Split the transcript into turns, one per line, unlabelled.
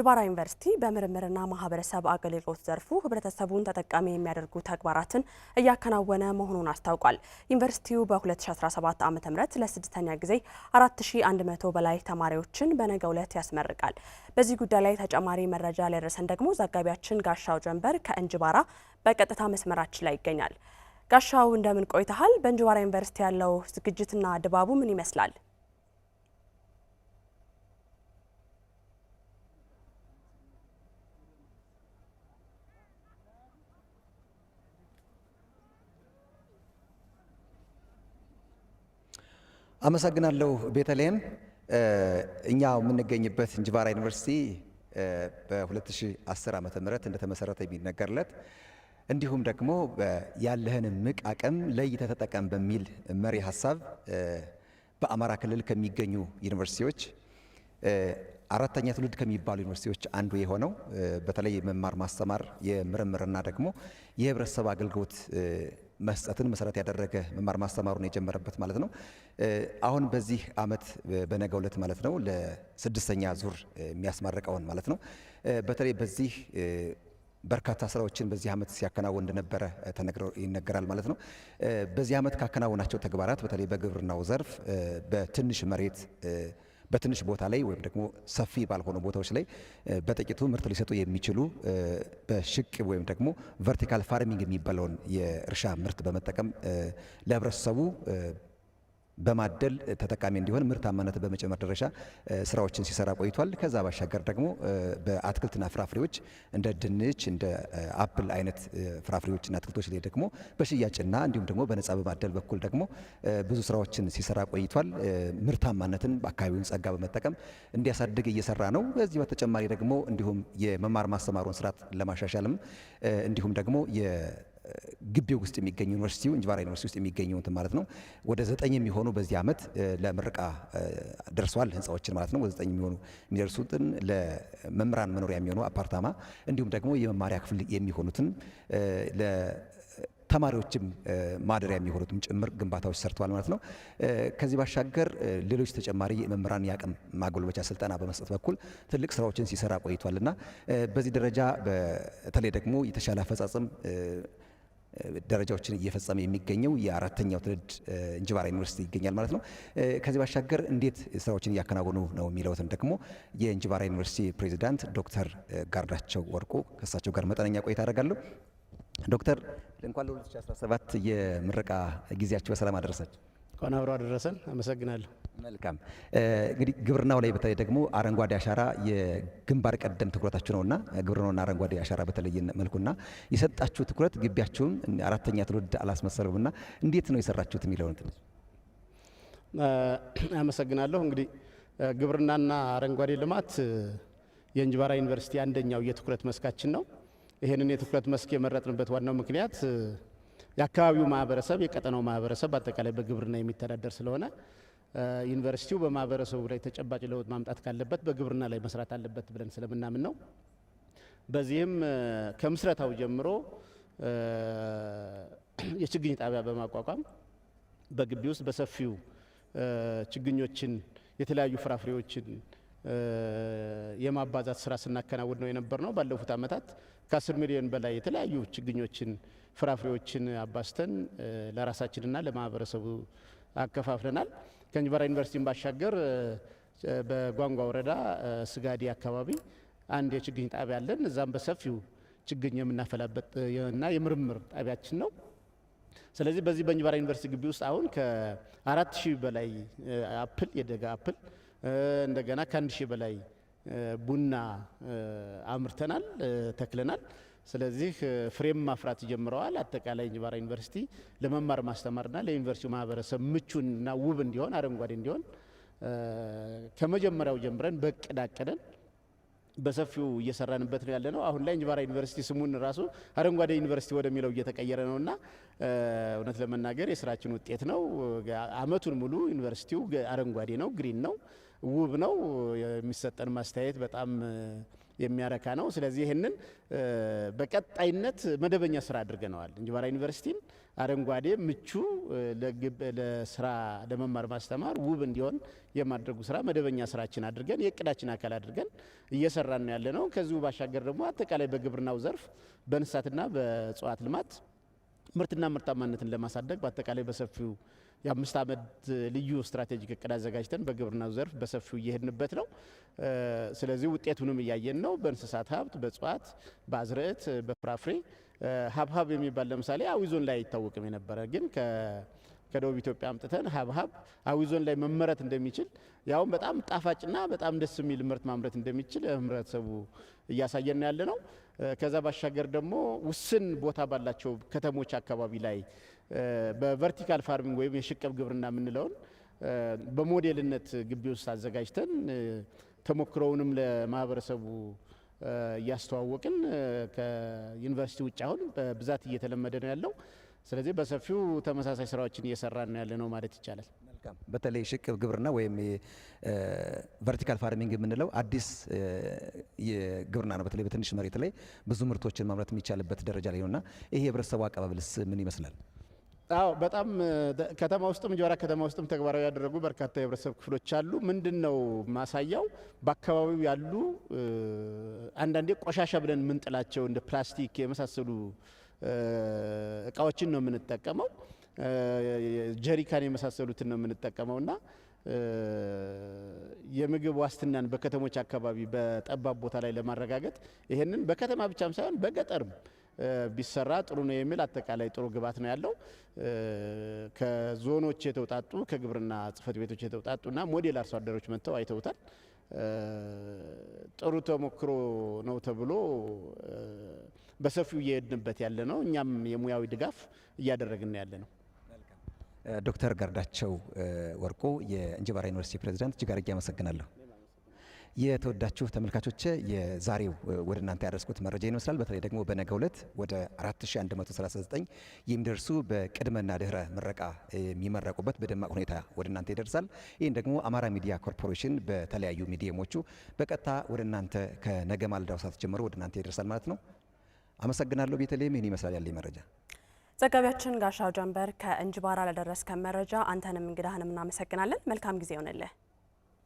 ጅባራ ዩኒቨርሲቲ በምርምርና ማህበረሰብ አገልግሎት ዘርፉ ህብረተሰቡን ተጠቃሚ የሚያደርጉ ተግባራትን እያከናወነ መሆኑን አስታውቋል። ዩኒቨርሲቲው በ2017 ዓ ም ለስድስተኛ ጊዜ 4100 በላይ ተማሪዎችን በነገው ዕለት ያስመርቃል። በዚህ ጉዳይ ላይ ተጨማሪ መረጃ ሊያደርሰን ደግሞ ዘጋቢያችን ጋሻው ጀንበር ከእንጅባራ በቀጥታ መስመራችን ላይ ይገኛል። ጋሻው እንደምን ቆይተሃል? በእንጅባራ ዩኒቨርሲቲ ያለው ዝግጅትና ድባቡ ምን ይመስላል?
አመሰግናለሁ ቤተልሔም። እኛ የምንገኝበት እንጅባራ ዩኒቨርሲቲ በ2010 ዓ ም እንደተመሰረተ የሚነገርለት እንዲሁም ደግሞ ያለህን እምቅ አቅም ለይተህ ተጠቀም በሚል መሪ ሀሳብ በአማራ ክልል ከሚገኙ ዩኒቨርሲቲዎች አራተኛ ትውልድ ከሚባሉ ዩኒቨርሲቲዎች አንዱ የሆነው በተለይ መማር ማስተማር የምርምርና ደግሞ የህብረተሰብ አገልግሎት መስጠትን መሰረት ያደረገ መማር ማስተማሩን የጀመረበት ማለት ነው። አሁን በዚህ አመት በነገ ዕለት ማለት ነው ለስድስተኛ ዙር የሚያስማርቀውን ማለት ነው በተለይ በዚህ በርካታ ስራዎችን በዚህ አመት ሲያከናውን እንደነበረ ተነግሮ ይነገራል ማለት ነው። በዚህ አመት ካከናውናቸው ተግባራት በተለይ በግብርናው ዘርፍ በትንሽ መሬት በትንሽ ቦታ ላይ ወይም ደግሞ ሰፊ ባልሆኑ ቦታዎች ላይ በጥቂቱ ምርት ሊሰጡ የሚችሉ በሽቅ ወይም ደግሞ ቨርቲካል ፋርሚንግ የሚባለውን የእርሻ ምርት በመጠቀም ለህብረተሰቡ በማደል ተጠቃሚ እንዲሆን ምርታማነትን በመጨመር ደረጃ ስራዎችን ሲሰራ ቆይቷል። ከዛ ባሻገር ደግሞ በአትክልትና ፍራፍሬዎች እንደ ድንች፣ እንደ አፕል አይነት ፍራፍሬዎችና አትክልቶች ላይ ደግሞ በሽያጭና እንዲሁም ደግሞ በነፃ በማደል በኩል ደግሞ ብዙ ስራዎችን ሲሰራ ቆይቷል። ምርታማነትን በአካባቢውን ጸጋ በመጠቀም እንዲያሳድግ እየሰራ ነው። በዚህ በተጨማሪ ደግሞ እንዲሁም የመማር ማስተማሩን ስርዓት ለማሻሻልም እንዲሁም ደግሞ ግቢው ውስጥ የሚገኝ ዩኒቨርሲቲ እንጅባራ ዩኒቨርሲቲ ውስጥ የሚገኘው እንትን ማለት ነው ወደ ዘጠኝ የሚሆኑ በዚህ ዓመት ለምርቃ ደርሰዋል። ህንፃዎችን ማለት ነው ወደ ዘጠኝ የሚሆኑ የሚደርሱትን ለመምህራን መኖሪያ የሚሆኑ አፓርታማ እንዲሁም ደግሞ የመማሪያ ክፍል የሚሆኑትን ተማሪዎችም ማደሪያ የሚሆኑትም ጭምር ግንባታዎች ሰርተዋል ማለት ነው። ከዚህ ባሻገር ሌሎች ተጨማሪ መምህራን የአቅም ማጎልበቻ ስልጠና በመስጠት በኩል ትልቅ ስራዎችን ሲሰራ እና በዚህ ደረጃ በተለይ ደግሞ የተሻለ አፈጻጸም ደረጃዎችን እየፈጸመ የሚገኘው የአራተኛው ትውልድ እንጅባራ ዩኒቨርሲቲ ይገኛል ማለት ነው። ከዚህ ባሻገር እንዴት ስራዎችን እያከናወኑ ነው የሚለውትን ደግሞ የእንጅባራ ዩኒቨርሲቲ ፕሬዚዳንት ዶክተር ጋርዳቸው ወርቁ ከእሳቸው ጋር መጠነኛ ቆይታ አደርጋለሁ። ዶክተር እንኳን ለ2017 የምረቃ ጊዜያችሁ በሰላም አደረሳቸው።
እንኳን አብሮ አደረሰን። አመሰግናለሁ።
መልካም እንግዲህ ግብርናው ላይ በተለይ ደግሞ አረንጓዴ አሻራ የግንባር ቀደም ትኩረታችሁ ነውና ግብርናውና አረንጓዴ አሻራ በተለየ መልኩና የሰጣችሁ ትኩረት ግቢያችሁም አራተኛ ትውልድ አላስመሰለውምና እንዴት ነው የሰራችሁት የሚለውን
አመሰግናለሁ። እንግዲህ ግብርናና አረንጓዴ ልማት የእንጅባራ ዩኒቨርሲቲ አንደኛው የትኩረት መስካችን ነው። ይህንን የትኩረት መስክ የመረጥንበት ዋናው ምክንያት የአካባቢው ማህበረሰብ የቀጠናው ማህበረሰብ በአጠቃላይ በግብርና የሚተዳደር ስለሆነ ዩኒቨርሲቲው በማህበረሰቡ ላይ ተጨባጭ ለውጥ ማምጣት ካለበት በግብርና ላይ መስራት አለበት ብለን ስለምናምን ነው። በዚህም ከምስረታው ጀምሮ የችግኝ ጣቢያ በማቋቋም በግቢ ውስጥ በሰፊው ችግኞችን፣ የተለያዩ ፍራፍሬዎችን የማባዛት ስራ ስናከናውን ነው የነበር ነው። ባለፉት ዓመታት ከ10 ሚሊዮን በላይ የተለያዩ ችግኞችን ፍራፍሬዎችን አባስተን ለራሳችንና ለማህበረሰቡ አከፋፍለናል። ከእንጅባራ ዩኒቨርሲቲን ባሻገር በጓንጓ ወረዳ ስጋዲ አካባቢ አንድ የችግኝ ጣቢያ አለን። እዛም በሰፊው ችግኝ የምናፈላበት እና የምርምር ጣቢያችን ነው። ስለዚህ በዚህ በእንጅባራ ዩኒቨርሲቲ ግቢ ውስጥ አሁን ከአራት ሺህ በላይ አፕል የደጋ አፕል እንደገና ከአንድ ሺህ በላይ ቡና አምርተናል፣ ተክለናል። ስለዚህ ፍሬም ማፍራት ጀምረዋል። አጠቃላይ እንጅባራ ዩኒቨርሲቲ ለመማር ማስተማርና ለዩኒቨርሲቲው ማህበረሰብ ምቹና ውብ እንዲሆን አረንጓዴ እንዲሆን ከመጀመሪያው ጀምረን በእቅድ አቅደን በሰፊው እየሰራንበት ነው ያለነው። አሁን ላይ እንጅባራ ዩኒቨርሲቲ ስሙን ራሱ አረንጓዴ ዩኒቨርሲቲ ወደሚለው እየተቀየረ ነው እና እውነት ለመናገር የስራችን ውጤት ነው። አመቱን ሙሉ ዩኒቨርሲቲው አረንጓዴ ነው፣ ግሪን ነው፣ ውብ ነው። የሚሰጠን ማስተያየት በጣም የሚያረካ ነው። ስለዚህ ይህንን በቀጣይነት መደበኛ ስራ አድርገነዋል። እንጅባራ ዩኒቨርሲቲን አረንጓዴ፣ ምቹ ለስራ ለመማር ማስተማር ውብ እንዲሆን የማድረጉ ስራ መደበኛ ስራችን አድርገን የእቅዳችን አካል አድርገን እየሰራን ነው ያለ ነው። ከዚሁ ባሻገር ደግሞ አጠቃላይ በግብርናው ዘርፍ በእንስሳትና በእጽዋት ልማት ምርትና ምርታማነትን ለማሳደግ በአጠቃላይ በሰፊው የአምስት ዓመት ልዩ ስትራቴጂክ እቅድ አዘጋጅተን በግብርናው ዘርፍ በሰፊው እየሄድንበት ነው። ስለዚህ ውጤቱንም እያየን ነው። በእንስሳት ሀብት፣ በእጽዋት፣ በአዝርዕት፣ በፍራፍሬ ሀብሀብ የሚባል ለምሳሌ አዊ ዞን ላይ አይታወቅም የነበረ ግን ከደቡብ ኢትዮጵያ አምጥተን ሀብሀብ አዊ ዞን ላይ መመረት እንደሚችል ያውም በጣም ጣፋጭና በጣም ደስ የሚል ምርት ማምረት እንደሚችል ህብረተሰቡ እያሳየን ያለ ነው። ከዛ ባሻገር ደግሞ ውስን ቦታ ባላቸው ከተሞች አካባቢ ላይ በቨርቲካል ፋርሚንግ ወይም የሽቀብ ግብርና የምንለውን በሞዴልነት ግቢ ውስጥ አዘጋጅተን ተሞክሮውንም ለማህበረሰቡ እያስተዋወቅን ከዩኒቨርሲቲ ውጭ አሁን በብዛት እየተለመደ ነው ያለው። ስለዚህ በሰፊው ተመሳሳይ ስራዎችን ነው ያለ ነው ማለት ይቻላል።
በተለይ ሽቅብ ግብርና ወይም ቨርቲካል ፋርሚንግ የምንለው አዲስ ግብርና ነው። በተለይ በትንሽ መሬት ላይ ብዙ ምርቶችን ማምረት የሚቻልበት ደረጃ ላይ ነውና ይሄ የህብረተሰቡ አቀባበልስ ምን ይመስላል?
አዎ በጣም ከተማ ውስጥም ጆራ ከተማ ውስጥም ተግባራዊ ያደረጉ በርካታ የህብረተሰብ ክፍሎች አሉ። ምንድን ነው ማሳያው? በአካባቢው ያሉ አንዳንዴ ቆሻሻ ብለን የምንጥላቸው እንደ ፕላስቲክ የመሳሰሉ እቃዎችን ነው የምንጠቀመው። ጀሪካን የመሳሰሉትን ነው የምንጠቀመው እና የምግብ ዋስትናን በከተሞች አካባቢ በጠባብ ቦታ ላይ ለማረጋገጥ ይህንን በከተማ ብቻም ሳይሆን በገጠርም ቢሰራ ጥሩ ነው የሚል አጠቃላይ ጥሩ ግብዓት ነው ያለው። ከዞኖች የተውጣጡ ከግብርና ጽሕፈት ቤቶች የተውጣጡና ሞዴል አርሶ አደሮች መጥተው አይተውታል። ጥሩ ተሞክሮ ነው ተብሎ በሰፊው እየሄድንበት ያለ ነው። እኛም የሙያዊ ድጋፍ እያደረግን ያለ ነው።
ዶክተር ጋርዳቸው ወርቁ የእንጅባራ ዩኒቨርሲቲ ፕሬዚዳንት፣ እጅግ አድርጌ አመሰግናለሁ። የተወዳችሁ ተመልካቾች የዛሬው ወደ እናንተ ያደረስኩት መረጃ ይመስላል። በተለይ ደግሞ በነገ ሁለት ወደ 4139 የሚደርሱ በቅድመና ድህረ ምረቃ የሚመረቁበት በደማቅ ሁኔታ ወደ እናንተ ይደርሳል። ይህን ደግሞ አማራ ሚዲያ ኮርፖሬሽን በተለያዩ ሚዲየሞቹ በቀጥታ ወደ እናንተ ከነገ ማለዳው ሰዓት ጀምሮ ወደ እናንተ ይደርሳል ማለት ነው። አመሰግናለሁ። ቤተልሔም፣ ይህን ይመስላል ያለኝ መረጃ።
ዘጋቢያችን ጋሻው ጀንበር ከእንጅባራ ለደረስከ መረጃ አንተንም እንግዳህንም እናመሰግናለን። መልካም ጊዜ ይሆንልህ።